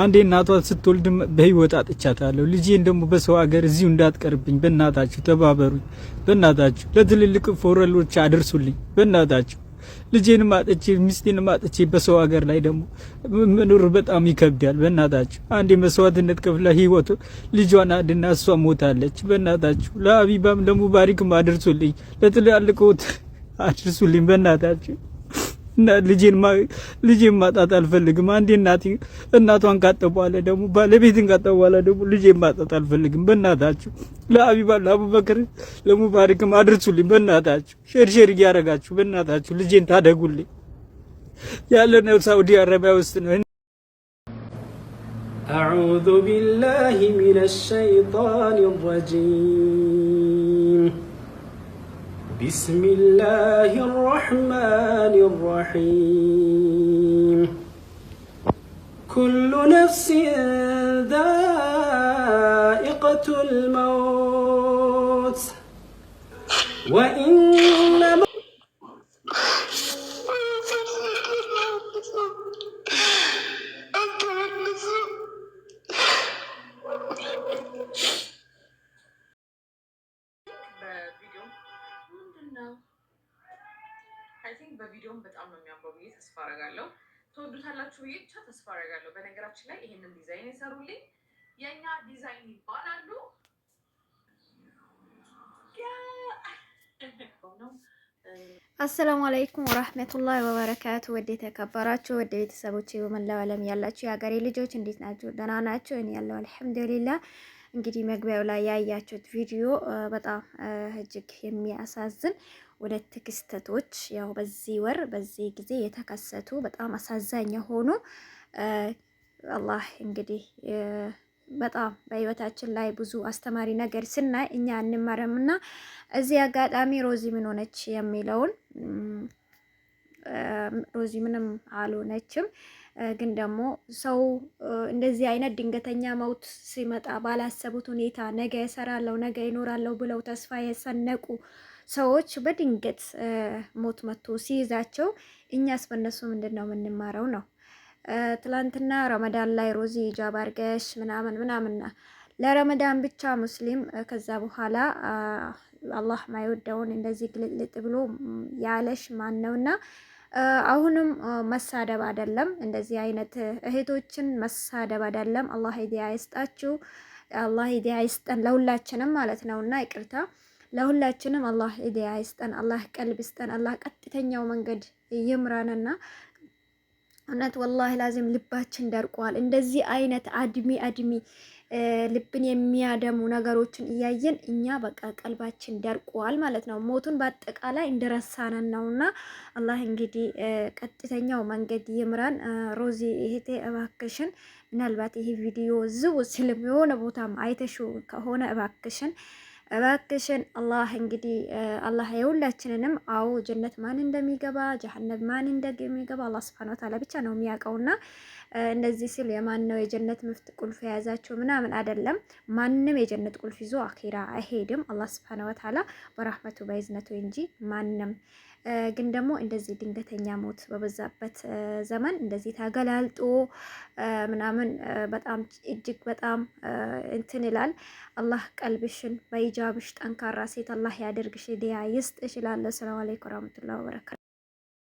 አንዴ እናቷ ስትወልድም በህይወት አጥቻታለሁ። ልጄን ደግሞ በሰው ሀገር እዚሁ እንዳትቀርብኝ በእናታችሁ ተባበሩኝ። በእናታችሁ ለትልልቅ ፎረሎች አድርሱልኝ። በእናታችሁ ልጄንም አጥቼ ሚስቴንም አጥቼ በሰው ሀገር ላይ ደግሞ መኖር በጣም ይከብዳል። በእናታችሁ አንዴ መስዋዕትነት ከፍላ ህይወቱ ልጇን አድና እሷ ሞታለች። በእናታችሁ ለአቢባም ለሙባሪክም አድርሱልኝ። ለትላልቆት አድርሱልኝ። በእናታችሁ እና ልጄን ማጣት አልፈልግም። አንዴ እናቴ እናቷን ካጠቧለ ደግሞ ባለቤትን ካጠቧለ ደግሞ ልጄን ማጣት አልፈልግም። በእናታችሁ ለአቢባ ለአቡበክር ለሙባሪክም አድርሱልኝ። በእናታችሁ ሼርሼር እያደረጋችሁ በእናታችሁ ልጄን ታደጉልኝ። ያለ ነው ሳውዲ አረቢያ ውስጥ ነው። أعوذ بالله من الشيطان الرجيم بسم الله الرحمن الرحيم كل نفس ذائقة الموت وإن ነው። አይ ቲንክ በቪዲዮም በጣም ነው የሚያምረው ብዬ ተስፋ አረጋለሁ። ተወዱታላችሁ ብዬ ብቻ ተስፋ አረጋለሁ። በነገራችን ላይ ይህንን ዲዛይን የሰሩልኝ የእኛ ዲዛይን ይባላሉ። አሰላሙ አለይኩም ወራህመቱላሂ ወበረካቱ። ወደ የተከበራችሁ ወደ ቤተሰቦቼ በመላው ዓለም ያላችሁ የሀገሬ ልጆች እንዴት ናችሁ? ደህና ናችሁ? እኔ ያለው አልሐምዱሊላህ እንግዲህ መግቢያው ላይ ያያችሁት ቪዲዮ በጣም እጅግ የሚያሳዝን ሁለት ክስተቶች ያው በዚህ ወር በዚህ ጊዜ የተከሰቱ በጣም አሳዛኝ የሆኑ አላህ እንግዲህ በጣም በህይወታችን ላይ ብዙ አስተማሪ ነገር ስናይ እኛ እንማረምና እዚህ አጋጣሚ ሮዚ ምን ሆነች የሚለውን ሮዚ ምንም አልሆነችም። ግን ደግሞ ሰው እንደዚህ አይነት ድንገተኛ መውት ሲመጣ ባላሰቡት ሁኔታ ነገ እሰራለሁ ነገ ይኖራለሁ ብለው ተስፋ የሰነቁ ሰዎች በድንገት ሞት መጥቶ ሲይዛቸው እኛስ በእነሱ ምንድን ነው የምንማረው ነው። ትላንትና ረመዳን ላይ ሮዚ ሂጃብ አድርገሽ ምናምን ምናምንና ለረመዳን ብቻ ሙስሊም ከዛ በኋላ አላህ ማይወደውን እንደዚህ ግልጥልጥ ብሎ ያለሽ ማን ነውና? አሁንም መሳደብ አይደለም፣ እንደዚህ አይነት እህቶችን መሳደብ አይደለም። አላህ ሂዳያ ይስጣችሁ፣ አላህ ሂዳያ ይስጠን ለሁላችንም ማለት ነውና ይቅርታ ለሁላችንም አላህ ሂዳያ ይስጠን፣ አላህ ቀልብ ይስጠን፣ አላህ ቀጥተኛው መንገድ ይምራንና እውነት ወላሂ ላዚም ልባችን ደርቋል። እንደዚህ አይነት አድሚ አድሚ ልብን የሚያደሙ ነገሮችን እያየን እኛ በቃ ቀልባችን ደርቋል ማለት ነው። ሞቱን በአጠቃላይ እንደረሳነን ነውና አላህ እንግዲህ ቀጥተኛው መንገድ ይምራን። ሮዚ ይሄቴ እባክሽን ምናልባት ይሄ ቪዲዮ ዝው ስልም የሆነ ቦታም አይተሹ ከሆነ እባክሽን እባክሽን አላህ እንግዲህ አላህ የሁላችንንም አዎ ጀነት ማን እንደሚገባ ጀሀነም ማን እንደሚገባ አላህ ስብሐነ ወተዓላ ብቻ ነው የሚያውቀውና እንደዚህ ሲል የማን ነው የጀነት ምፍት ቁልፍ የያዛችሁ ምናምን አይደለም። ማንም የጀነት ቁልፍ ይዞ አኺራ አይሄድም። አላህ ስብሐነ ወተዓላ በራህመቱ በይዝነቱ እንጂ ማንም ግን ደግሞ እንደዚህ ድንገተኛ ሞት በበዛበት ዘመን እንደዚህ ተገላልጦ ምናምን በጣም እጅግ በጣም እንትን ይላል። አላህ ቀልብሽን በይጃብሽ ጠንካራ ሴት አላህ ያደርግሽ ዲያ ይስጥ ይችላለ። ሰላም አለይኩም ወራህመቱላሂ ወበረካቱ